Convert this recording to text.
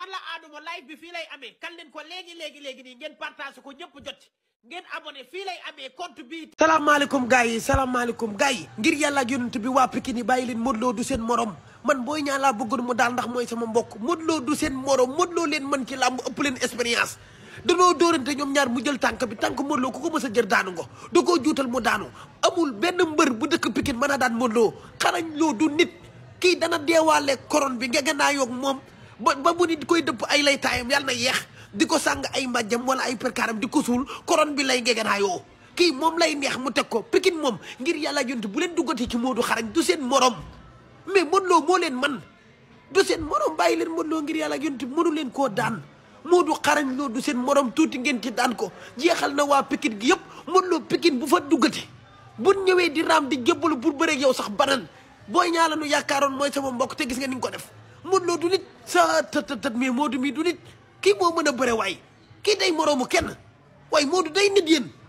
alla aaduma live bi fii lay amee kan leen ko léegi léegi léegi nii ngeen partage ko ñëpp jot ngeen abonné fii lay amee compte bi salaamaaleykum gars yi salaamaaleykum gars yi ngir yàlla ak yonent bi waa Pikine yi bàyyi leen Modou Lo du seen morom man Boy Niang laa bëggoon mu daal ndax mooy sama mbokk Modou Lo du seen morom Modou loo leen man ci làmb ëpp leen expérience danoo dóorante ñoom ñaar mu jël tànk bi tànk Modou Lo ku ko mës a jël daanu nga da koo juutal mu daanu amul benn mbër bu dëkk Pikine mën a daan Modou Lo loo du nit kii dana deewaale koron bi nga ganaa yoog moom ba ba bu nit koy dëpp ay lay taayam yàlla na yeex di ko sàng ay mbàjjam wala ay perkaaram di ko suul koron bi lay ngegenaayoo kii moom lay neex mu teg ko pikin moom ngir yàlla yonent bu leen duggatee ci Modou xarañ du seen morom mais Modou Lo leen man seen morom bàyyi leen Modou Lo ngir yàlla yonent mënu leen koo daan Modou xarañ loo du seen morom tuuti ngeen ci daan ko jeexal na waa pikin gi yëpp Modou Lo pikin bu fa duggati bu ñëwee di raam di jébbalu pour bëreeg yow sax banan booy ñaala nu yaakaaroon mooy sama mbokk te gis nga ni nga ko def Modou Lo du nit sa tët tët mais Modou mi du nit kii moo mën a bëre waay kii day moroomu kenn waay Modou day nit yéen